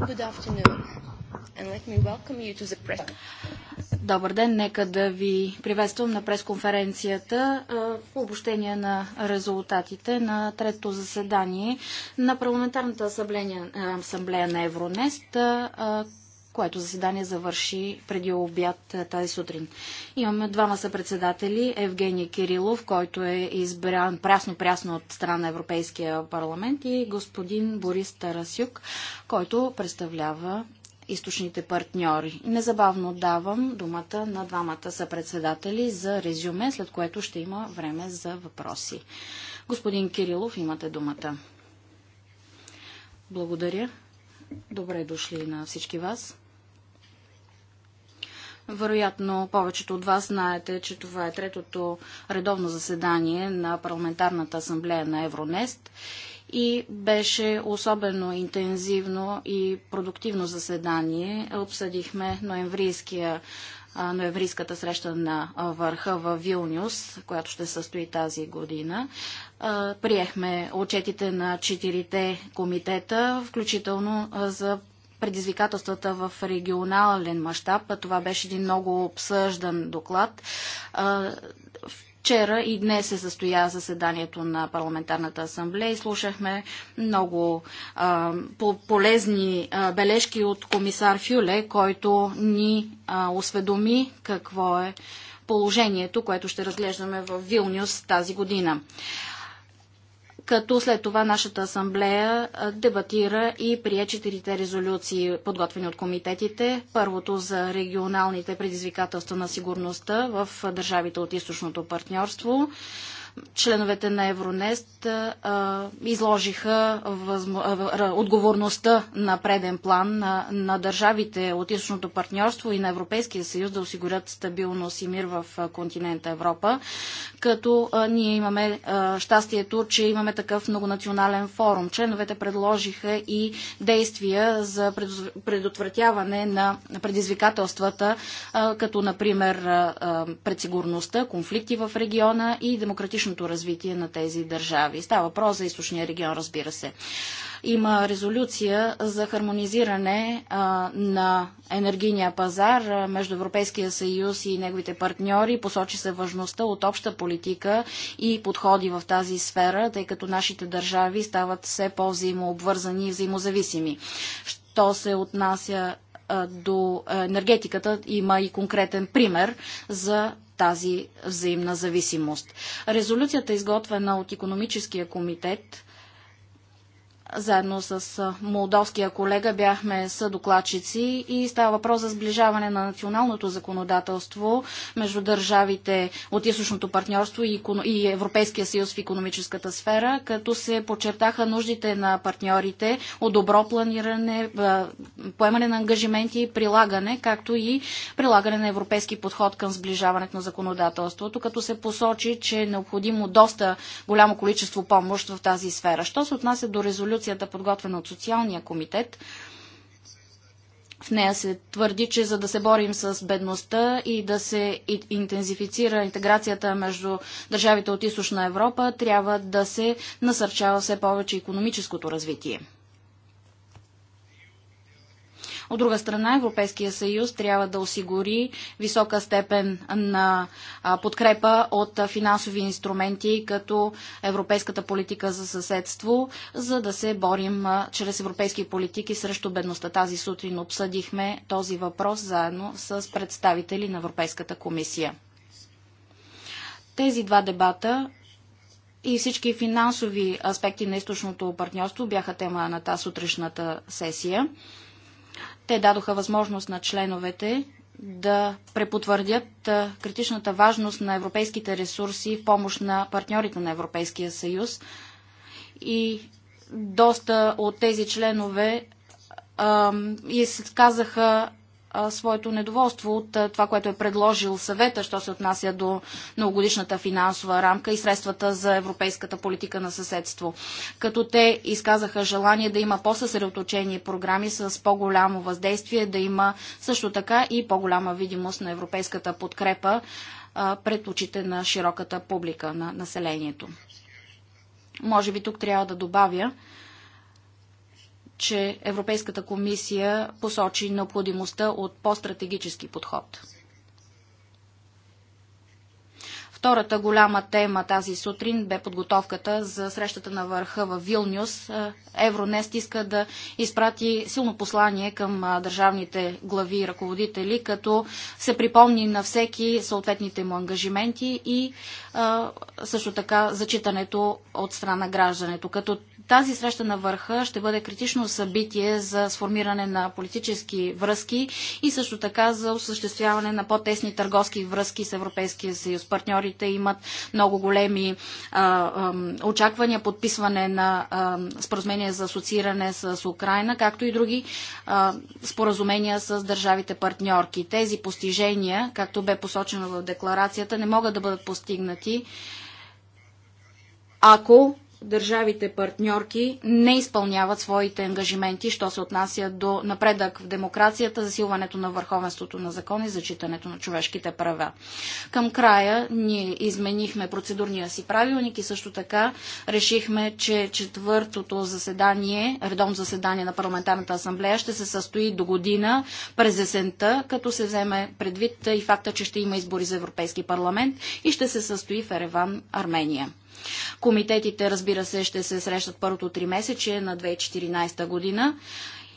Good afternoon. And let me welcome you to the press. Добър ден, нека да ви приветствам на пресконференцията по обобщение на резултатите на третото заседание на Парламентарната асамблея, асамблея на Евронест, което заседание завърши преди обяд е, тази сутрин. Имаме двама съпредседатели. Евгений Кирилов, който е избран прясно-прясно от страна на Европейския парламент и господин Борис Тарасюк, който представлява източните партньори. Незабавно давам думата на двамата съпредседатели за резюме, след което ще има време за въпроси. Господин Кирилов, имате думата. Благодаря. Добре дошли на всички вас. Вероятно, повечето от вас знаете, че това е третото редовно заседание на Парламентарната асамблея на Евронест и беше особено интензивно и продуктивно заседание. Обсъдихме ноемврийския ноемврийската среща на върха в Вилнюс, която ще състои тази година. Приехме отчетите на четирите комитета, включително за предизвикателствата в регионален мащаб. Това беше един много обсъждан доклад. Вчера и днес се състоя заседанието на парламентарната асамблея и слушахме много а, по полезни а, бележки от комисар Фюле, който ни а, осведоми какво е положението, което ще разглеждаме в Вилнюс тази година като след това нашата асамблея дебатира и прие четирите резолюции, подготвени от комитетите. Първото за регионалните предизвикателства на сигурността в държавите от източното партньорство членовете на Евронест а, изложиха възм... отговорността на преден план на, на държавите от източното партньорство и на Европейския съюз да осигурят стабилност и мир в континента Европа, като а, ние имаме а, щастието, че имаме такъв многонационален форум. Членовете предложиха и действия за предотвратяване на предизвикателствата, като например а, предсигурността, конфликти в региона и демократично дългосрочното развитие на тези държави. Става въпрос за източния регион, разбира се. Има резолюция за хармонизиране а, на енергийния пазар между Европейския съюз и неговите партньори. Посочи се важността от обща политика и подходи в тази сфера, тъй като нашите държави стават все по-взаимообвързани и взаимозависими. Що се отнася до енергетиката има и конкретен пример за тази взаимна зависимост. Резолюцията, изготвена от економическия комитет, заедно с молдовския колега бяхме съдокладчици и става въпрос за сближаване на националното законодателство между държавите от източното партньорство и Европейския съюз в економическата сфера, като се подчертаха нуждите на партньорите от добро планиране, поемане на ангажименти и прилагане, както и прилагане на европейски подход към сближаването на законодателството, като се посочи, че е необходимо доста голямо количество помощ в тази сфера. Що се отнася до резолюцията, резолюцията, подготвена от социалния комитет, в нея се твърди, че за да се борим с бедността и да се интензифицира интеграцията между държавите от източна Европа, трябва да се насърчава все повече економическото развитие. От друга страна, Европейския съюз трябва да осигури висока степен на подкрепа от финансови инструменти, като Европейската политика за съседство, за да се борим чрез европейски политики срещу бедността. Тази сутрин обсъдихме този въпрос заедно с представители на Европейската комисия. Тези два дебата и всички финансови аспекти на източното партньорство бяха тема на тази сутрешната сесия. Те дадоха възможност на членовете да препотвърдят критичната важност на европейските ресурси в помощ на партньорите на Европейския съюз. И доста от тези членове изказаха своето недоволство от това, което е предложил съвета, що се отнася до многогодишната финансова рамка и средствата за европейската политика на съседство. Като те изказаха желание да има по-съсредоточени програми с по-голямо въздействие, да има също така и по-голяма видимост на европейската подкрепа пред очите на широката публика на населението. Може би тук трябва да добавя, че Европейската комисия посочи необходимостта от по-стратегически подход. Втората голяма тема тази сутрин бе подготовката за срещата на върха в Вилнюс. Е, Евронест иска да изпрати силно послание към държавните глави и ръководители, като се припомни на всеки съответните му ангажименти и също така зачитането от страна на граждането. Като тази среща на върха ще бъде критично събитие за сформиране на политически връзки и също така за осъществяване на по-тесни търговски връзки с Европейския съюз. Партньорите имат много големи а, а, очаквания, подписване на а, споразумение за асоцииране с Украина, както и други а, споразумения с държавите партньорки. Тези постижения, както бе посочено в декларацията, не могат да бъдат постигнати ако държавите партньорки не изпълняват своите ангажименти, що се отнася до напредък в демокрацията, засилването на върховенството на закон и зачитането на човешките права. Към края ние изменихме процедурния си правилник и също така решихме, че четвъртото заседание, редовно заседание на парламентарната асамблея ще се състои до година през есента, като се вземе предвид и факта, че ще има избори за Европейски парламент и ще се състои в Ереван, Армения. Комитетите, разбира се, ще се срещат първото три месече на 2014 година.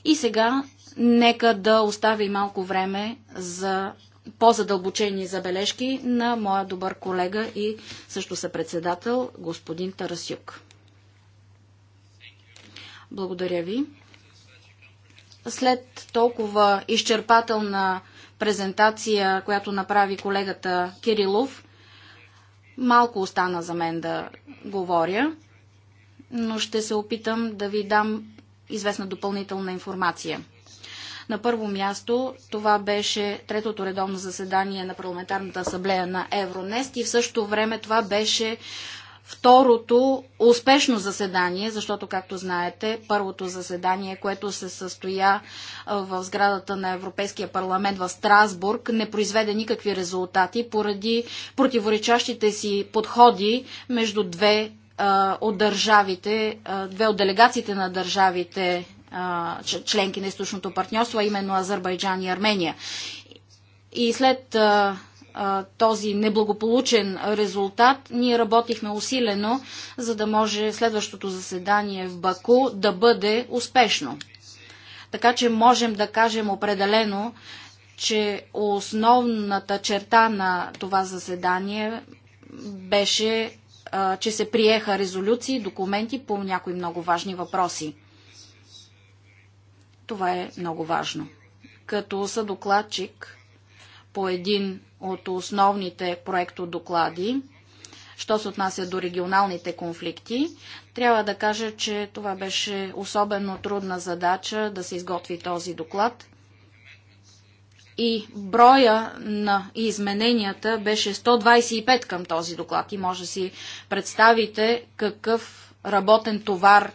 И сега нека да оставя и малко време за по-задълбочени забележки на моя добър колега и също съпредседател, господин Тарасюк. Благодаря ви. След толкова изчерпателна презентация, която направи колегата Кирилов, Малко остана за мен да говоря, но ще се опитам да ви дам известна допълнителна информация. На първо място това беше третото редовно заседание на Парламентарната асамблея на Евронест и в същото време това беше второто успешно заседание, защото, както знаете, първото заседание, което се състоя в сградата на Европейския парламент в Страсбург, не произведе никакви резултати поради противоречащите си подходи между две от държавите, две от делегациите на държавите членки на източното партньорство, а именно Азербайджан и Армения. И след този неблагополучен резултат, ние работихме усилено, за да може следващото заседание в Баку да бъде успешно. Така че можем да кажем определено, че основната черта на това заседание беше, че се приеха резолюции, документи по някои много важни въпроси. Това е много важно. Като съдокладчик, по един от основните проектодоклади, що се отнася до регионалните конфликти. Трябва да кажа, че това беше особено трудна задача да се изготви този доклад. И броя на измененията беше 125 към този доклад. И може да си представите какъв работен товар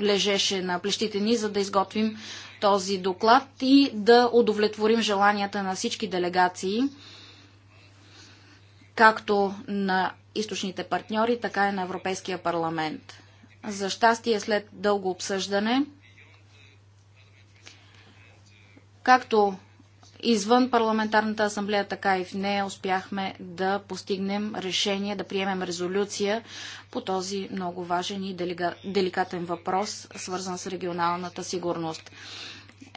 лежеше на плещите ни, за да изготвим този доклад и да удовлетворим желанията на всички делегации, както на източните партньори, така и на Европейския парламент. За щастие, след дълго обсъждане, както извън парламентарната асамблея, така и в нея успяхме да постигнем решение, да приемем резолюция по този много важен и деликатен въпрос, свързан с регионалната сигурност.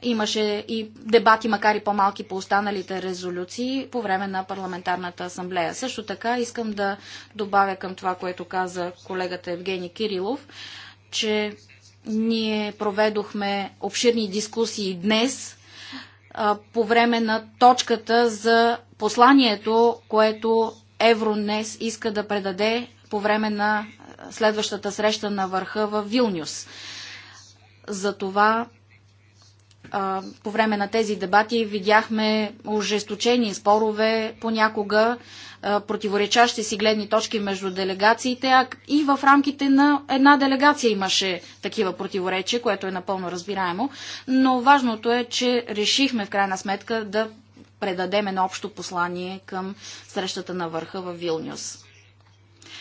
Имаше и дебати, макар и по-малки по останалите резолюции по време на парламентарната асамблея. Също така искам да добавя към това, което каза колегата Евгений Кирилов, че ние проведохме обширни дискусии днес по време на точката за посланието, което Евронес иска да предаде по време на следващата среща на върха в Вилнюс. За това а, по време на тези дебати видяхме ожесточени спорове, понякога а, противоречащи си гледни точки между делегациите, а и в рамките на една делегация имаше такива противоречия, което е напълно разбираемо. Но важното е, че решихме в крайна сметка да предадем едно общо послание към срещата на върха в Вилнюс.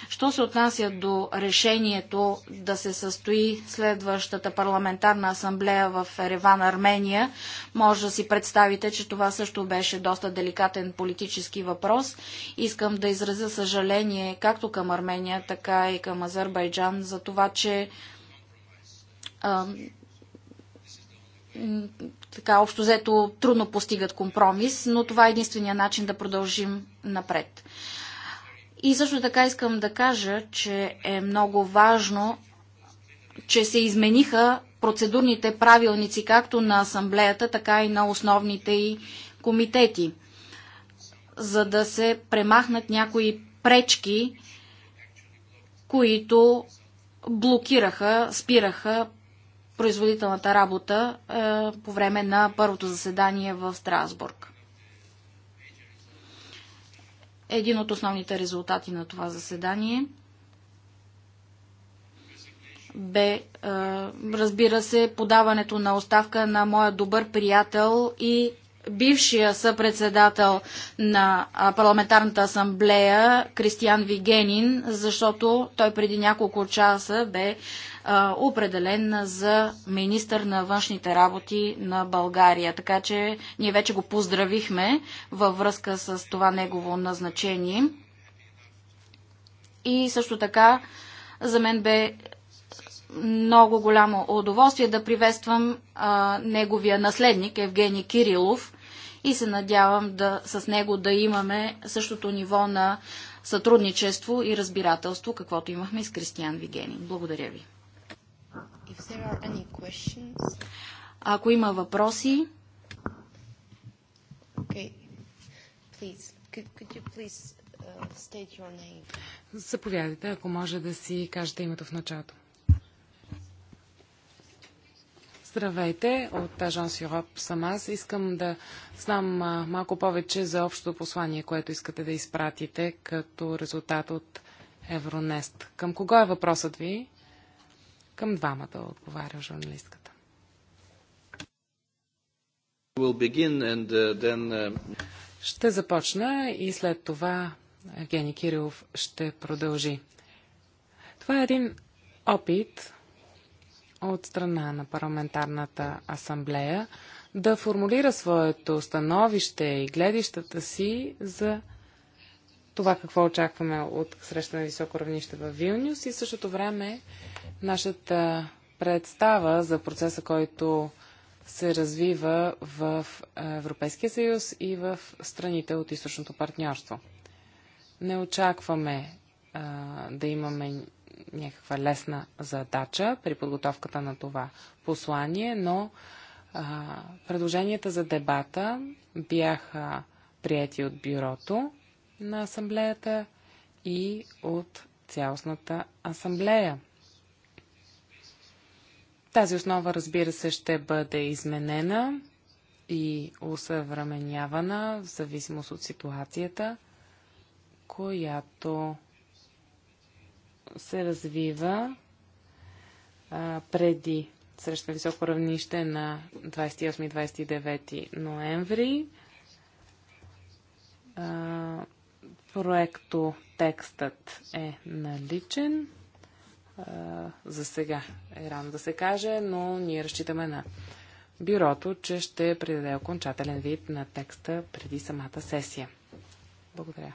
Що се отнася до решението да се състои следващата парламентарна асамблея в Ереван, Армения, може да си представите, че това също беше доста деликатен политически въпрос. Искам да изразя съжаление както към Армения, така и към Азербайджан за това, че така общо взето трудно постигат компромис, но това е единствения начин да продължим напред. И също така искам да кажа, че е много важно, че се измениха процедурните правилници както на асамблеята, така и на основните и комитети, за да се премахнат някои пречки, които блокираха, спираха производителната работа е, по време на първото заседание в Страсбург. един от основните резултати на това заседание бе, разбира се, подаването на оставка на моя добър приятел и бившия съпредседател на парламентарната асамблея Кристиан Вигенин, защото той преди няколко часа бе определен за министър на външните работи на България. Така че ние вече го поздравихме във връзка с това негово назначение. И също така за мен бе много голямо удоволствие да приветствам а, неговия наследник Евгений Кирилов, и се надявам да, с него да имаме същото ниво на сътрудничество и разбирателство, каквото имахме с Кристиан Вигенин. Благодаря ви. Ако има въпроси, okay. could, could please, uh, Заповядайте, ако може да си кажете името в началото. Здравейте, от Ажанс Юроп съм аз. Искам да знам малко повече за общото послание, което искате да изпратите като резултат от Евронест. Към кого е въпросът ви? Към двамата да отговаря журналистката. Uh, then... Uh, ще започна и след това Евгений Кирилов ще продължи. Това е един опит от страна на парламентарната асамблея да формулира своето становище и гледищата си за това какво очакваме от среща на високо равнище в Вилнюс и същото време нашата представа за процеса, който се развива в Европейския съюз и в страните от източното партньорство. Не очакваме а, да имаме някаква лесна задача при подготовката на това послание, но а, предложенията за дебата бяха прияти от бюрото на асамблеята и от цялостната асамблея. Тази основа, разбира се, ще бъде изменена и усъвременявана в зависимост от ситуацията, която се развива а, преди среща високо равнище на 28 и 29 ноември. А, проекто текстът е наличен. А, за сега е рано да се каже, но ние разчитаме на бюрото, че ще придаде окончателен вид на текста преди самата сесия. Благодаря.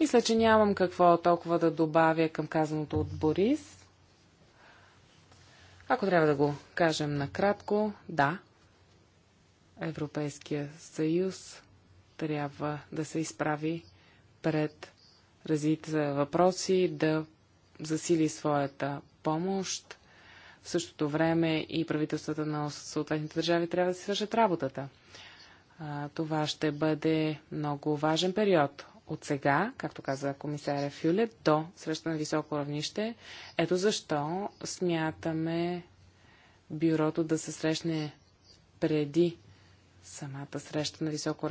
Мисля, че нямам какво толкова да добавя към казаното от Борис. Ако трябва да го кажем накратко, да, Европейския съюз трябва да се изправи пред развитите въпроси, да засили своята помощ. В същото време и правителствата на съответните държави трябва да си свършат работата. Това ще бъде много важен период от сега, както каза комисаря Фюле, до среща на високо равнище. Ето защо смятаме бюрото да се срещне преди самата среща на високо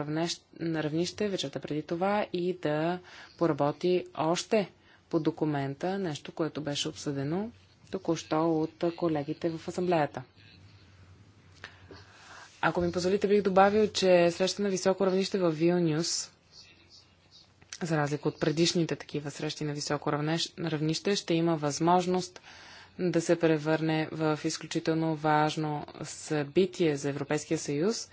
равнище, вечерта преди това и да поработи още по документа, нещо, което беше обсъдено току-що от колегите в асамблеята. Ако ми позволите, бих добавил, че среща на високо равнище в Вилнюс за разлика от предишните такива срещи на високо равнище, ще има възможност да се превърне в изключително важно събитие за Европейския съюз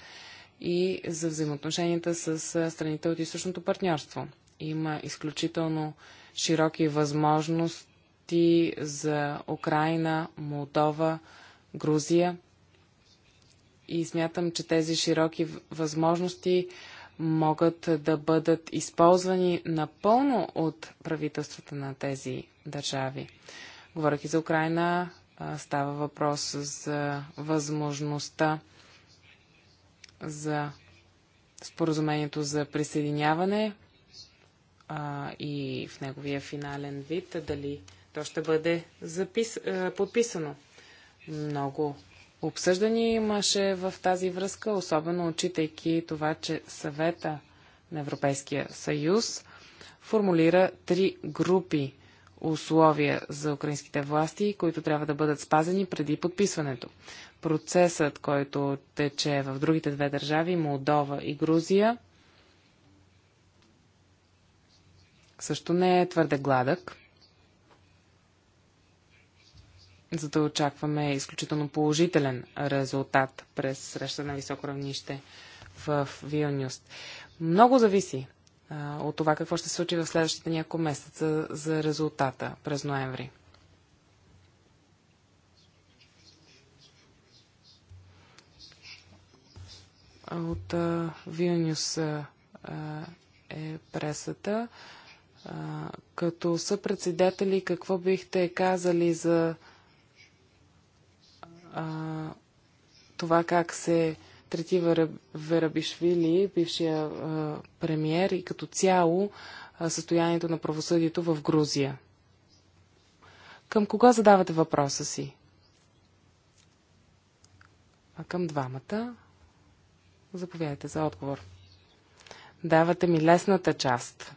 и за взаимоотношенията с страните от източното партньорство. Има изключително широки възможности за Украина, Молдова, Грузия. И смятам, че тези широки възможности могат да бъдат използвани напълно от правителствата на тези държави. и за Украина, става въпрос за възможността за споразумението за присъединяване а, и в неговия финален вид, дали то ще бъде запис, подписано. Много обсъждания имаше в тази връзка, особено отчитайки това, че съвета на Европейския съюз формулира три групи условия за украинските власти, които трябва да бъдат спазени преди подписването. Процесът, който тече в другите две държави, Молдова и Грузия, също не е твърде гладък за да очакваме изключително положителен резултат през среща на високо равнище в Вилнюс. Много зависи а, от това какво ще се случи в следващите няколко месеца за резултата през ноември. От а, Вилнюс а, е пресата. А, като съпредседатели, какво бихте казали за а, това как се трети Верабишвили, бившия а, премьер и като цяло а, състоянието на правосъдието в Грузия. Към кого задавате въпроса си? А към двамата. Заповядайте за отговор. Давате ми лесната част.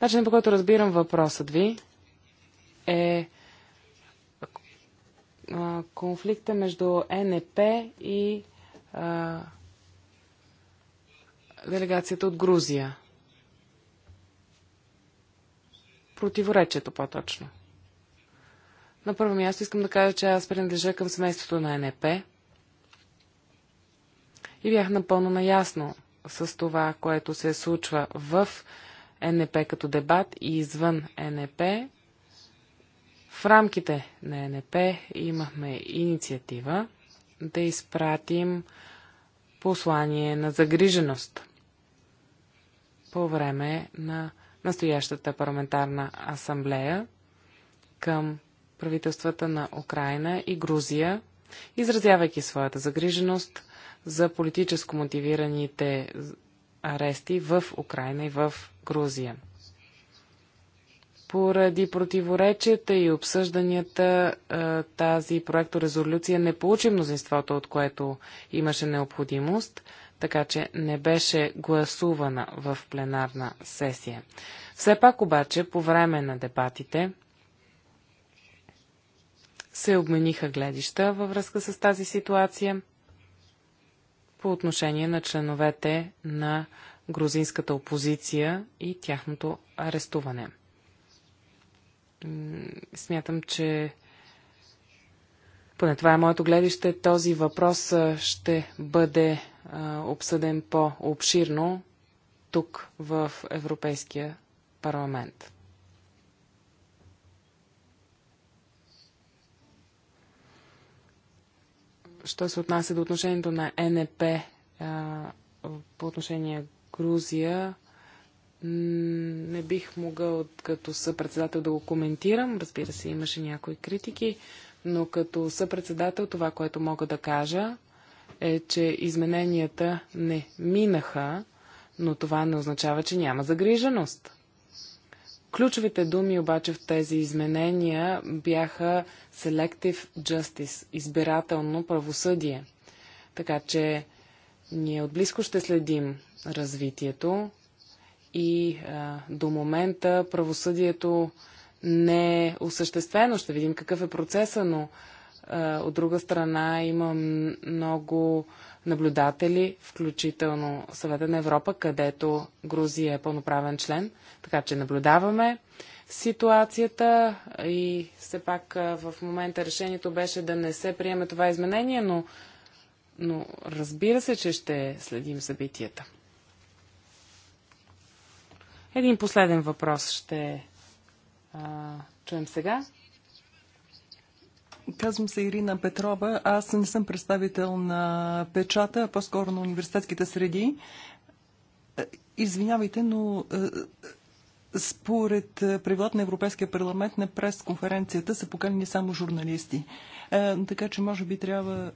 Начинът по който разбирам въпросът ви е конфликта между НП и а, делегацията от Грузия. Противоречието по-точно. На първо място искам да кажа, че аз принадлежа към семейството на НП и бях напълно наясно с това, което се случва в НП като дебат и извън НП в рамките на ЕНП имахме инициатива да изпратим послание на загриженост по време на настоящата парламентарна асамблея към правителствата на Украина и Грузия, изразявайки своята загриженост за политическо мотивираните арести в Украина и в Грузия. Поради противоречията и обсъжданията тази проекторезолюция не получи мнозинството, от което имаше необходимост, така че не беше гласувана в пленарна сесия. Все пак обаче по време на дебатите се обмениха гледища във връзка с тази ситуация по отношение на членовете на грузинската опозиция и тяхното арестуване смятам, че поне това е моето гледище, този въпрос ще бъде а, обсъден по-обширно тук в Европейския парламент. Що се отнася до отношението на НП а, по отношение Грузия, не бих могъл като съпредседател да го коментирам. Разбира се, имаше някои критики, но като съпредседател това, което мога да кажа, е, че измененията не минаха, но това не означава, че няма загриженост. Ключовите думи обаче в тези изменения бяха Selective Justice, избирателно правосъдие. Така че ние отблизко ще следим развитието и а, до момента правосъдието не е осъществено. Ще видим какъв е процеса, но а, от друга страна има много наблюдатели, включително Съвета на Европа, където Грузия е пълноправен член. Така че наблюдаваме ситуацията и все пак в момента решението беше да не се приеме това изменение, но, но разбира се, че ще следим събитията. Един последен въпрос ще а, чуем сега. Казвам се Ирина Петрова. Аз не съм представител на печата, а по-скоро на университетските среди. Е, извинявайте, но е, е, според правилата на Европейския парламент на прес-конференцията са поканени само журналисти. Така че може би трябва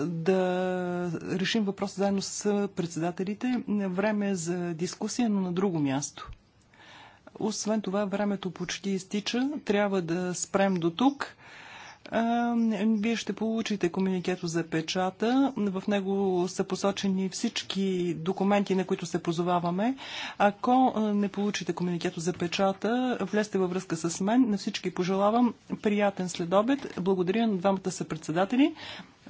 да решим въпроса заедно с председателите. Време е за дискусия, но на друго място. Освен това, времето почти изтича. Трябва да спрем до тук. Вие ще получите комуникето за печата. В него са посочени всички документи, на които се позоваваме. Ако не получите комуникето за печата, влезте във връзка с мен. На всички пожелавам приятен следобед. Благодаря на двамата съпредседатели.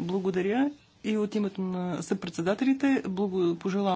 Благодаря и от името на съпредседателите. Благо... Пожелавам